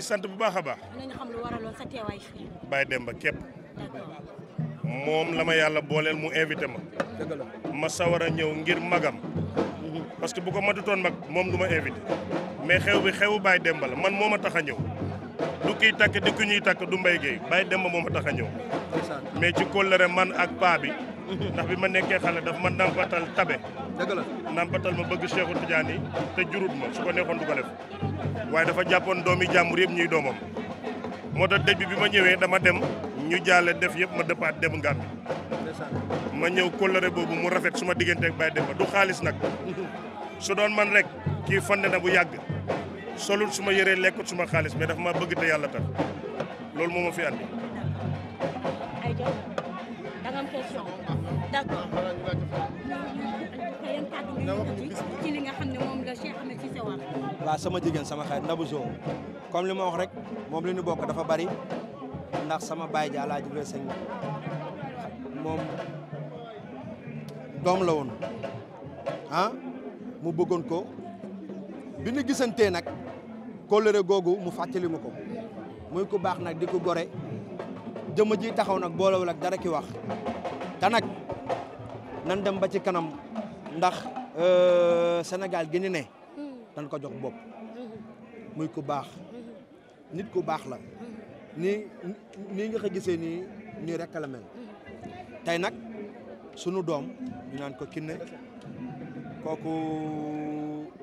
ngi sant bu baax a baax. dinañ Demba képp. moom la ma yàlla booleel mu invité ma. ma sawar a ñëw ngir magam. Mhm. parce que bu ko mag moom du ma invité. mais xew bi xewu Baye Demba la man moom ma tax a ñëw. du kiy takk di ku ñuy takk du mbay géey Baye Demba moo ma tax a ñëw. mais ci kóllëre man ak paa bi. Mhm. ndax bi ma nekkee xale daf ma nampatal tabe. nàmpatal ma bëgg Cheikhu Tidiane yi te jurut ma su ko nekkoon du ko def waaye dafa jàppoon doomi jàmbur yëpp ñuy doomam moo tax dëj bi bi ma ñëwee dama dem ñu jaale def yëpp ma dëppaat dem Ngàmbi ma ñëw kóllëre boobu mu rafet suma ma diggante ak Baye Demba du xaalis nag su doon man rek kii fande na bu yàgg solul su ma yëree lekkut su ma xaalis mais dafa ma bëgg te yàlla tax loolu moom ma fi andi da nga sama jigéen sama xarit Nabou Zo comme li ma wax rek moom li ñu bokk dafa bari ndax sama baay ji Alaaji Ibra Sëñ moom doom la woon ah mu bëggoon ko bi ñu gisantee nag kóllëre googu mu fàttali ma ko muy ku baax nag di ko gore jëmm ji taxaw nag boolewul ak dara ki wax te nag nan dem ba ci kanam ndax euh, Sénégal gi ñu ne dañ ko jox bopp muy ku baax nit ku baax la ni nii nga ko gisee nii nii rek la mel tey nag sunu doom ñu naan ko kinne kooku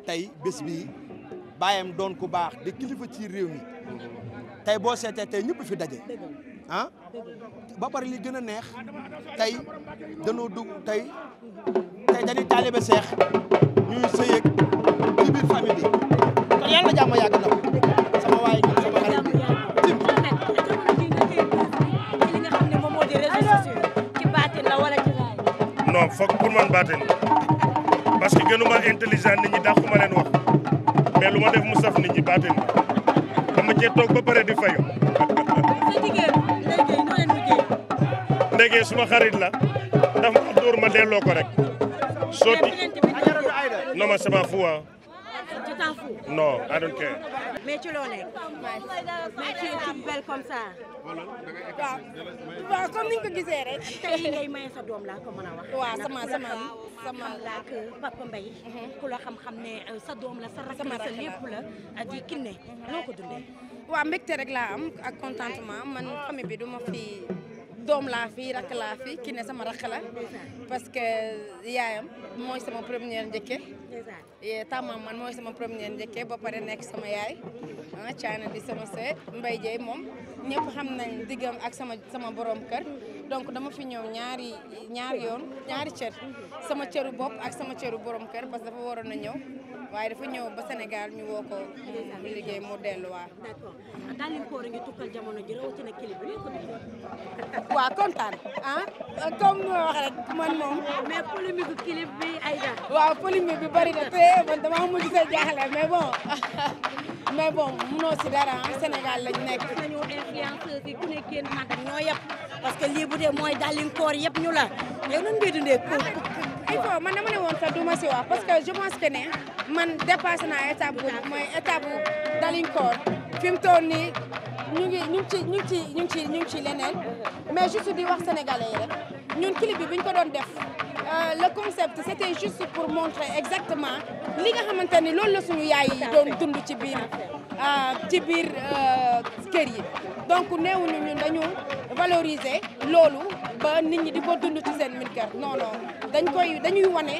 tey bés baayam bàyyam doon ku baax di kilifa ci réew mi tey boo seetee tey ñëpp fi daje ah ba li gën a neex tey dañoo dugg tey tey dañuy taalibe seex ñuy sëyeeg ci biir famille kon yàlla jàmm yàgg na sama waay gi sama xarit bi li nga xam ne moom moo di parce que gënuma intelligent nit ñi dàquma leen wax mais lu ma def mu saf nit ñi baatin la dama cee toog ba di fayu ndege suma ma dóor ma delloo ko rek sotti non ma sama fu wa non I don't care mais ci loo nekk mais ci ci belle comme ça xam-xam ne euh, sa doom la sa rakk la sa lépp la euh, di Kiné mhm. noo ko dundee waaw laa am contentement man famille bi duma fi doom laa fi rakk laa fi ki ne sama rakk la parce que yaayam mooy sama première njëkke tamaam man mooy sama première njëkke ba pare nekk sama yaay ah, caana di sama see Mbaye Dieye moom ñëpp xam nañ diggam ak sama sama borom kër donc dama fi ñëw ñaari ñaari yoon ñaari cër sama cëru bopp ak sama cëru borom kër parce que dafa waroon a ñëw waaye dafa ñëw ba Sénégal ñu woo ko mu liggéey mu delluwaat. a ngi tukkal jamono ji rawatina clip bi waaw kontaan ah, comme ma wax rek man moom. mais polémique clip bi Aïda. waaw polémique bi bari na te man damaa jaaxle mais bon. mais bon munoo si ah, Sénégal lañ nekk. wax nañu influenceurs yi ku ne kenn maanaam ñoo yëpp parce que lii bu dee mooy dàllinkoor yëpp ñu la yow nan ngay dundee kóor. il faut man dama ne woon du ma si wax parce que je pense ne. man dépassé naa étape boobu mooy étape bu Dalingkoor fi mu toll ñu ngi ñu ngi ci ñu ngi ci ñu ngi ci leneen mais juste di wax sénégalais yi rek ñun clip bi bi ñu ko doon def euh, le concept c'était juste pour montrer exactement li nga xamante ni loolu la suñu yaay yi doon dund ci biir euh, ci biir euh, kër yi donc néewuñu ñun dañu valoriser loolu ba nit ñi di ko dund ci seen biir kër non non dañ koy dañuy wane.